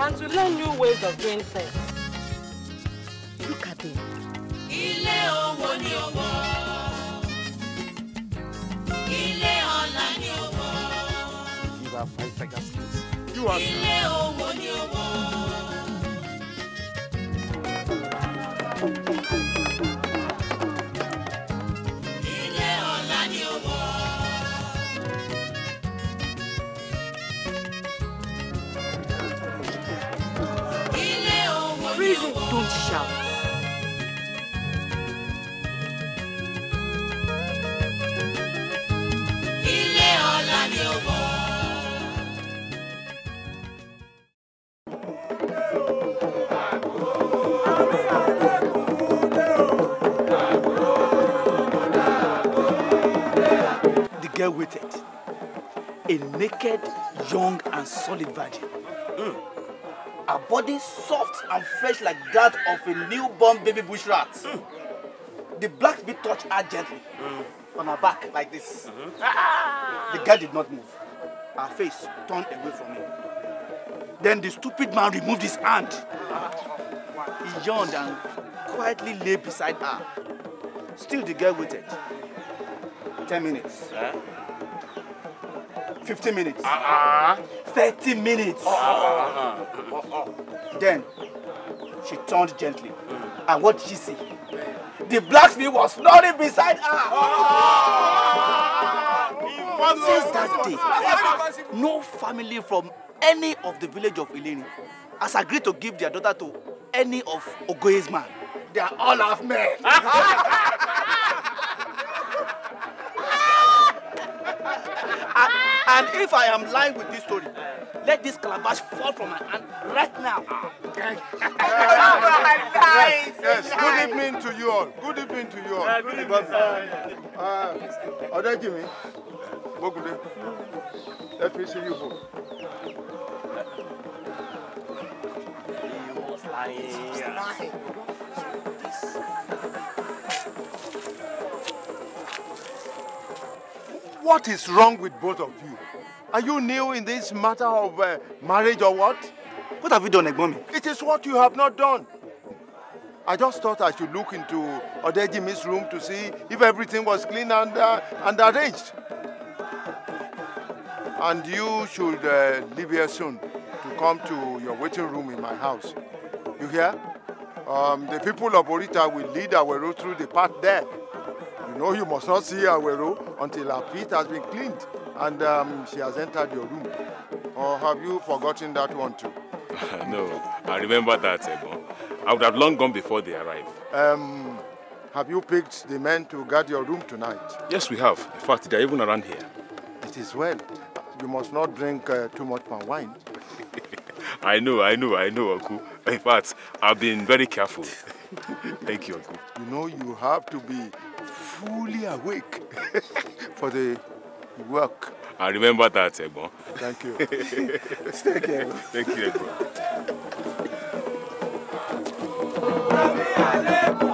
and to learn new ways of doing things. Look at them. Ilé owó ni owó. Ilé ọlá ni owó. Give her five tiger skins. You are. Ilé owó ni owó. waited. A naked, young, and solid virgin. Mm. A body soft and fresh like that of a newborn baby bush rat. Mm. The blacksmith touched her gently mm. on her back like this. -hmm. The girl did not move. Her face turned away from him. Then the stupid man removed his hand. He yawned and quietly lay beside her. Still the girl waited. Ten minutes. Yeah. fifteen minutes uh-huh. thirty uh -uh. minutes uh then she turned gently and what did she see the blacksmith was snoring beside her. Uh-huh. Since that day, no family from any of the village of Ilini has agreed to give their daughter to any of Ogoye's men. They are all half men. And if I am lying with this story, let this calabash fall from my hand right now. yes, yes. Good evening to you all. Good evening to you all. Uh, good evening, sir. Uh, Odejimi, Bogunde, let me see you home. He was lying. He was lying. What is wrong with both of you? Are you new in this matter of uh, marriage or what? What have you done, Egbomi? It is what you have not done. I just thought I should look into Odejimi's room to see if everything was clean and, uh, and arranged. And you should uh, leave here soon to come to your waiting room in my house. You hear? Um, the people of Orita will lead our road through the path there. No, you must not see Awero until her feet has been cleaned and um, she has entered your room. Or have you forgotten that one too? no, I remember that, Ebo. I would have long gone before they arrived. Um, have you picked the men to guard your room tonight? Yes, we have. In fact, they're even around here. It is well. You must not drink uh, too much palm wine. I know, I know, I know, Oku. In fact, I've been very careful. Thank you, Oku. You know, you have to be fully awake for the work. I remember that, Egbon. Thank you. Stay care. Thank you, Egbon.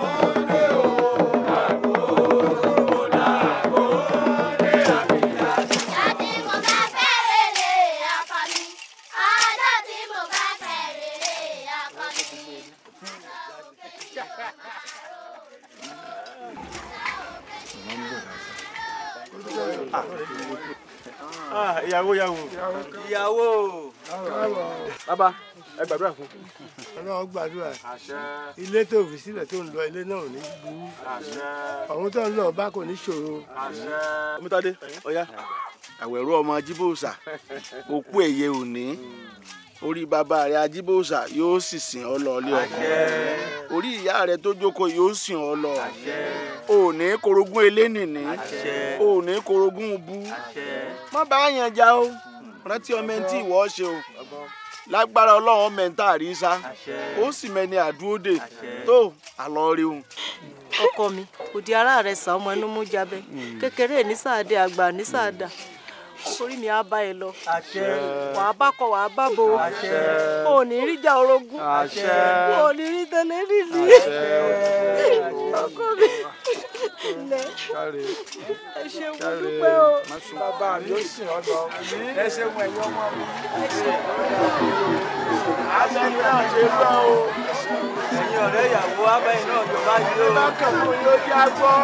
Ah, ah, ìyàwó ìyàwó ìyàwó. bàbá ẹ gbàdúrà fún. ọlọ́run gbàdúrà ilé tó fi sílẹ̀ tó ń lọ ilé náà ò ní burú ọ̀hún tó ń lọ bá kò ní ṣòro. omítádé ọ̀yá àwẹ̀rọ ọmọ jíbòsà òkú ẹ̀yẹ òní orí bàbá rẹ ajíbòsà yóò sì sìn ọ lọ ilé ọkọ orí ìyá rẹ tó jókòó yóò sìn ọ lọ òní korogún elénìní òní korogún bú má bá a yàn já o rántí ọmọ ẹni tí ìwọ ṣe o lágbára ọlọ́run ọmọ ẹni tá a rí sá ó sì mẹni àdúródè tó àlọ rí ọkọ mi òdi ara rẹ sàn ọmọ ẹnu mú jábẹ kékeré ní sáà dé àgbà ní sáà dà orí mi á bá ẹ lọ wàá bá kọ wàá bá bo ò ní rí jà orogún ò ní rí tẹlẹ nílì ọkọ mi lẹ ẹ ṣe mo dúpẹ́ o. bàbá mi ó sìn ọ lọ ẹ ṣe mo ẹ̀yọ́ mọ́ mi. àṣírí náà ṣe fẹ́ o ẹ̀yin ọ̀rẹ́ ìyàwó abẹ́yìn náà jọba yìí o. ẹ bá kàn fún yóò já gbọ́.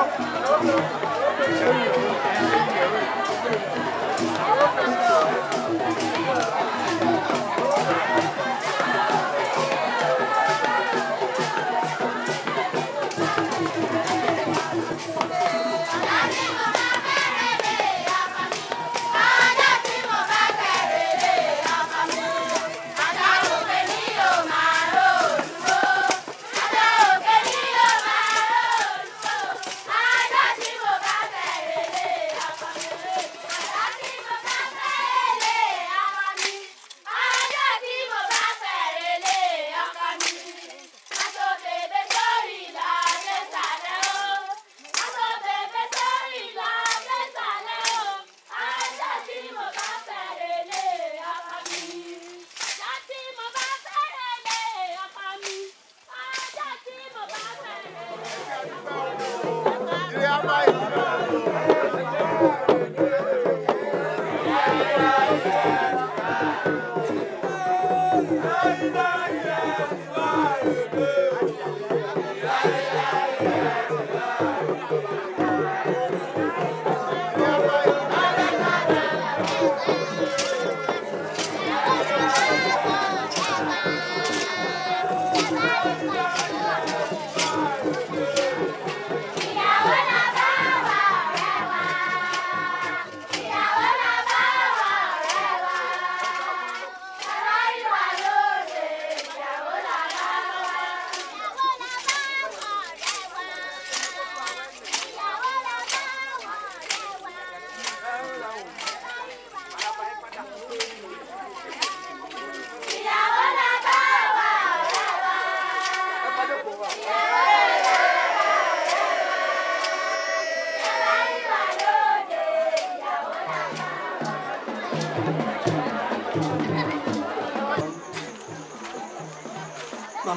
Thank you.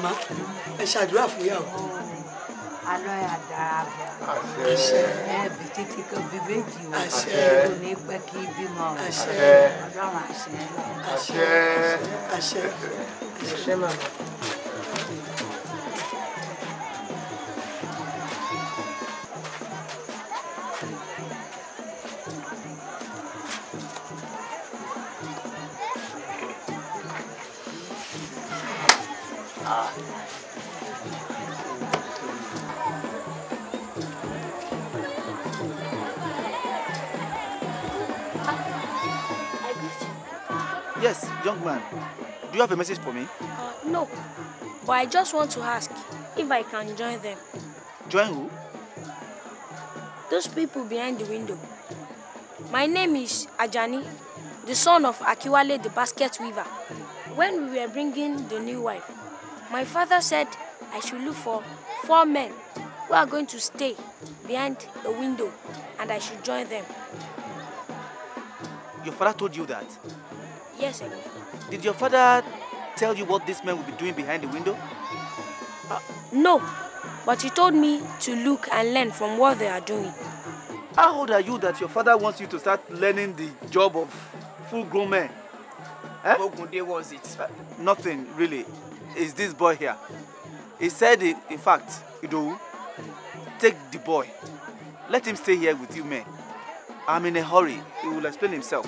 màmá ẹ ṣàdúrà fún yàwó. alọ́ yà dára bọ̀ ẹ bí títí kan bí méjì o kò ní pẹ́ kí bímọ o ọlọ́run àṣẹ lọ. àṣẹ àṣẹ àṣẹ màmá. Yes, young man. Do you have a message for me? Uh, no, but I just want to ask if I can join them. Join who? Those people behind the window. My name is Ajani, the son of Akiwale the basket weaver, when we were bringing the new wife. My father said I should look for four men who are going to stay behind the window and I should join them. Your father told you that? Yes, Did your father tell you what this man will be doing behind the window? Uh, no, but he told me to look and learn from what they are doing. How old are you that your father wants you to start learning the job of full-grown men? Eh? Ogunde was it? Uh, nothing, really is this boy here. He said, in, in fact, do take the boy. Let him stay here with you men. I'm in a hurry. He will explain himself.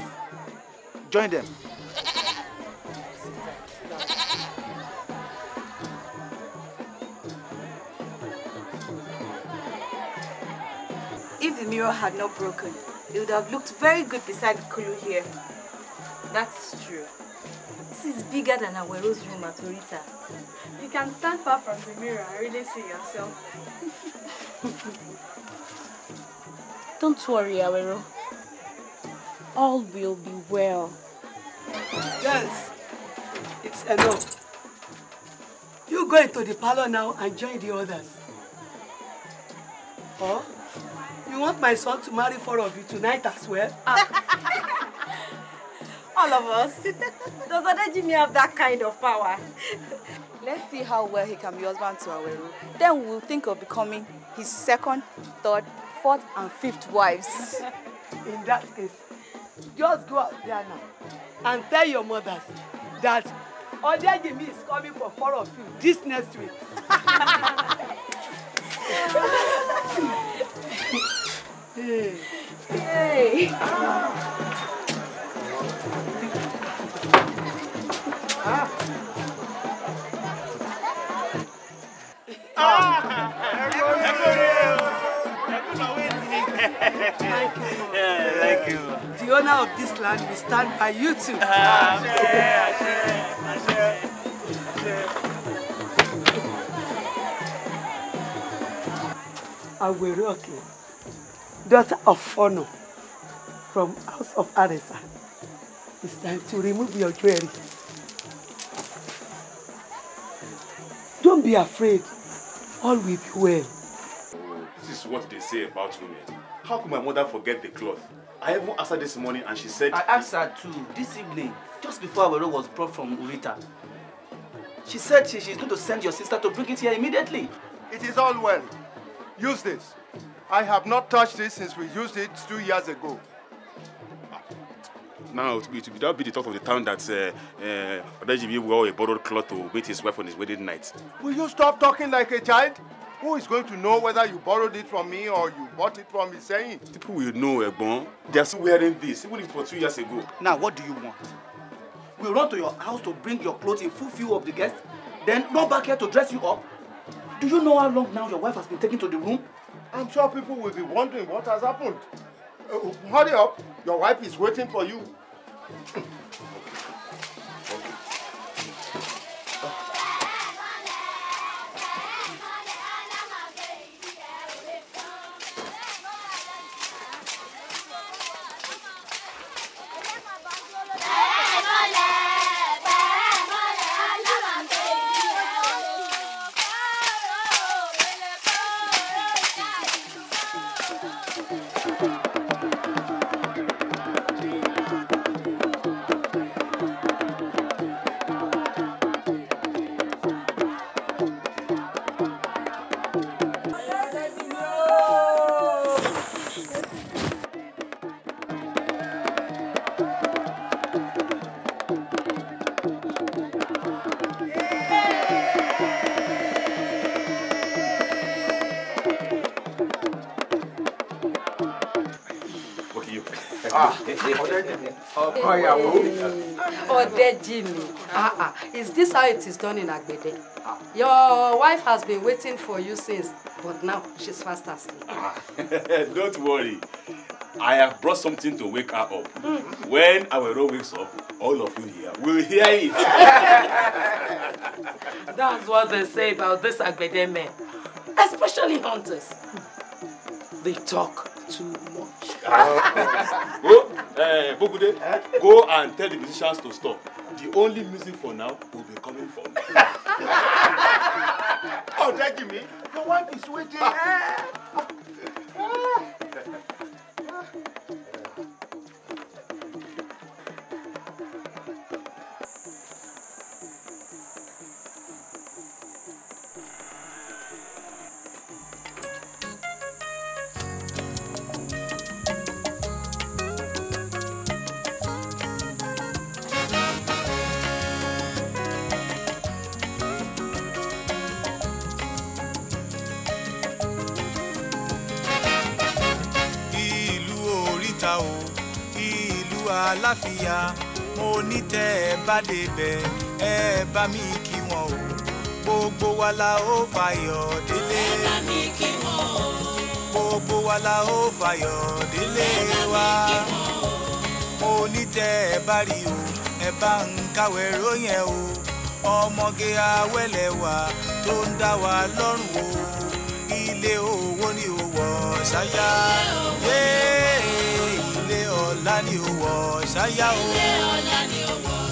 Join them. If the mirror had not broken, it would have looked very good beside Kulu here. That's true is bigger than our Wero's room at Orita. You can stand far from the mirror and really see yourself. Don't worry, Awero. All will be well. Yes, it's enough. You go into the parlor now and join the others. oh, you want my son to marry four of you tonight as well? Ah. All of us. Does Adejimi have that kind of power? Let's see how well he can be husband to Aweru. Then we'll think of becoming his second, third, fourth, and fifth wives. In that case, just go out there now and tell your mothers that Adejimi is coming for four of you this next week. hey. Hey. Ah. thank you. Yeah, thank you. The owner of this land will stand by you too. Uh, ah, Ashe, Ashe, Ashe. Ah. Aweroke, daughter of Fono, from house of Arisa. It's time to remove your jewelry. Don't be afraid. All will be well. This is what they say about women. How could my mother forget the cloth? I even asked her this morning and she said... I asked her too, this evening, just before robe was brought from Urita. She said she, she's going to send your sister to bring it here immediately. It is all well. Use this. I have not touched this since we used it two years ago. Now, it would that be the talk of the town that Odejibi uh, uh, wore a borrowed cloth to beat his wife on his wedding night? Will you stop talking like a child? Who is going to know whether you borrowed it from me or you bought it from Iseyin? People will know, Egbon. They are still wearing this, even if it was two years ago. Now, what do you want? We run to your house to bring your clothes in full view of the guests, then run back here to dress you up? Do you know how long now your wife has been taken to the room? I'm sure people will be wondering what has happened. Uh, hurry up, your wife is waiting for you. ọkọ ìyàwó. ọ̀dẹ́jì mi ah ah is this how it is done in agbede your wife has been waiting for you since but now she's fast asleep. Ah, don't worry I have brought something to wake her up mm. when Awero wakes up all of you here will hear it. that's what they say about this agbede men especially hunters they talk too much. go, uh, eh, Bogude, go and tell the musicians to stop. The only music for now will be coming from oh, thank you, me. No wife is waiting. Amẹ́ríkà o ìlú àlàáfíà mo ní tẹ́ ẹ bá débẹ̀ ẹ bá mi kí wọn o gbogbo wa la ó fayọ̀ délé. ẹ bá mi kí wọn o. gbogbo wa la ó fayọ̀ délé wa. o. mo ní tẹ́ ẹ bá rí o ẹ bá ń kàwé ròyìn ẹ o ọmọge awẹ́lẹ̀ wa tó ń dá wa lọ́rùn o ilé owó ni ó wọ̀ ṣáyá. ilé ọ̀la ni ó wọ̀ ṣáyà o. ilé ọ̀la ni ó wọ̀.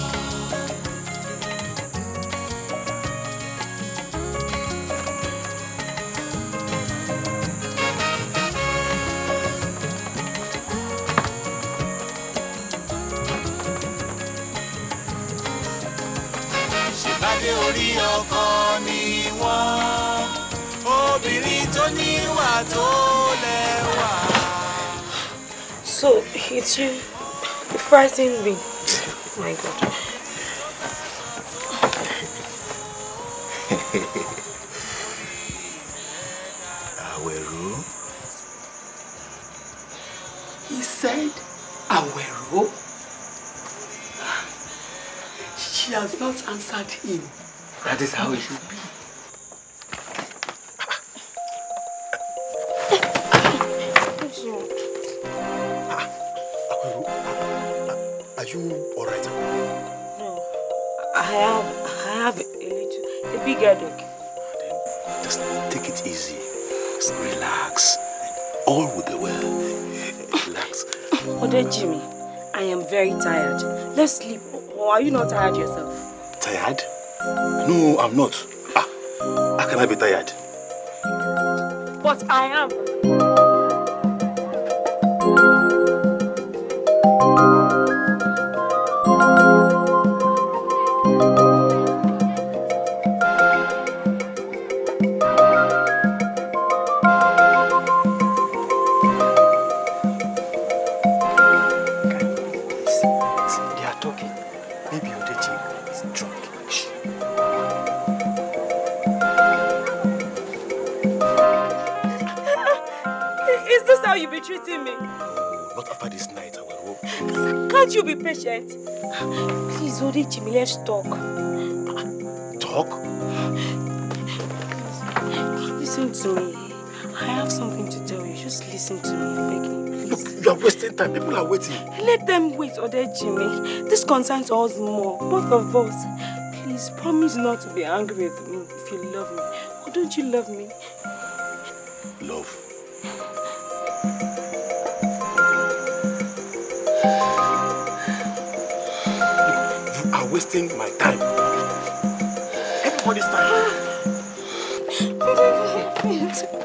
ṣèpàdé orí ọkọ ni wọ́n obìnrin tó níwà tó lẹ́wà. It's you. You frightened me. Oh my God. He said, "Aweru." She has not answered him. That is how it should be. Are you alright? No, I have, I have a little, a big headache. Then just take it easy. Just relax. All will be well. Relax. Ode Jimmy, I am very tired. Let's sleep. Or are you not tired yourself? Tired? No, I'm not. Ah, how can I be tired? But I am. are talking, maybe your dating is drunk. Shh. Is this how you be treating me? No, oh, not after this night, I will hope. Can't you be patient? Please, Odichimi, let's talk. Talk? Listen to me. I have something to tell you. Just listen to me, I beg you you are wasting time. People are waiting. Let them wait, Ode Jimmy. This concerns us more, both of us. Please, promise not to be angry with me if you love me. Or don't you love me? Love. You are wasting my time. Everybody's time. Ah.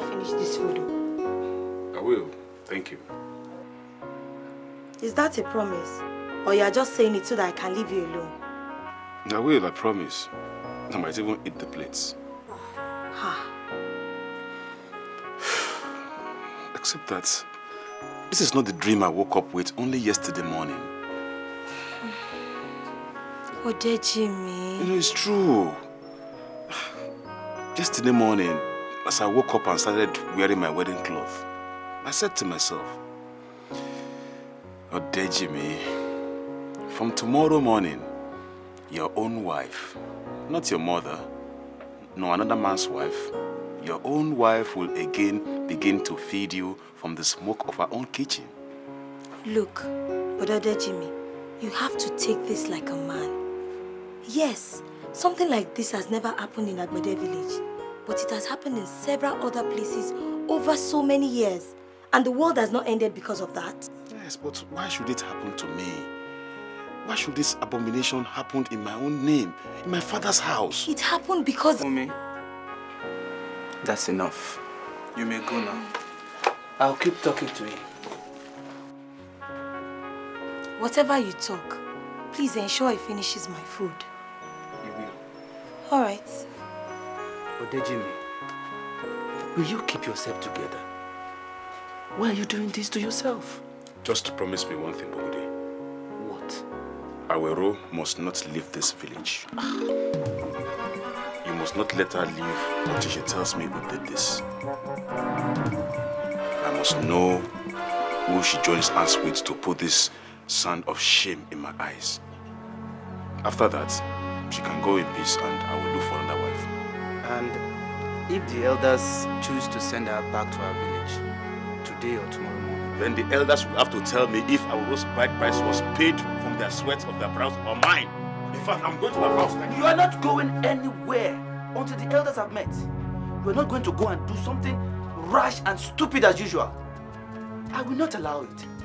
finish this food. I will. Thank you. Is that a promise? Or you are just saying it so that I can leave you alone? I will, I promise. I might even eat the plates. Ah. Except that this is not the dream I woke up with only yesterday morning. Oh, dear Jimmy. You know, it's true. Yesterday morning, as I woke up and started wearing my wedding cloth, I said to myself, Jimmy! from tomorrow morning, your own wife, not your mother, nor another man's wife, your own wife will again begin to feed you from the smoke of her own kitchen. Look, Brother Jimmy, you have to take this like a man. Yes, something like this has never happened in Agbede village. But it has happened in several other places over so many years. And the world has not ended because of that. Yes, but why should it happen to me? Why should this abomination happen in my own name, in my father's house? It happened because... Mommy, that's enough. You may go now. I'll keep talking to him. Whatever you talk, please ensure he finishes my food. You will. All right. Odejimi, will you keep yourself together? Why are you doing this to yourself? Just promise me one thing, Bogudi. What? Awero must not leave this village. you must not let her leave until she tells me who did this. I must know who she joins hands with to put this sand of shame in my eyes. After that, she can go in peace and I will look for another one. And if the elders choose to send her back to our village, today or tomorrow morning. Then the elders will have to tell me if Aurora's bride price was paid from their sweat of their brows or mine. In fact, I'm going to her house. Thank you. you are not going anywhere until the elders have met. You are not going to go and do something rash and stupid as usual. I will not allow it.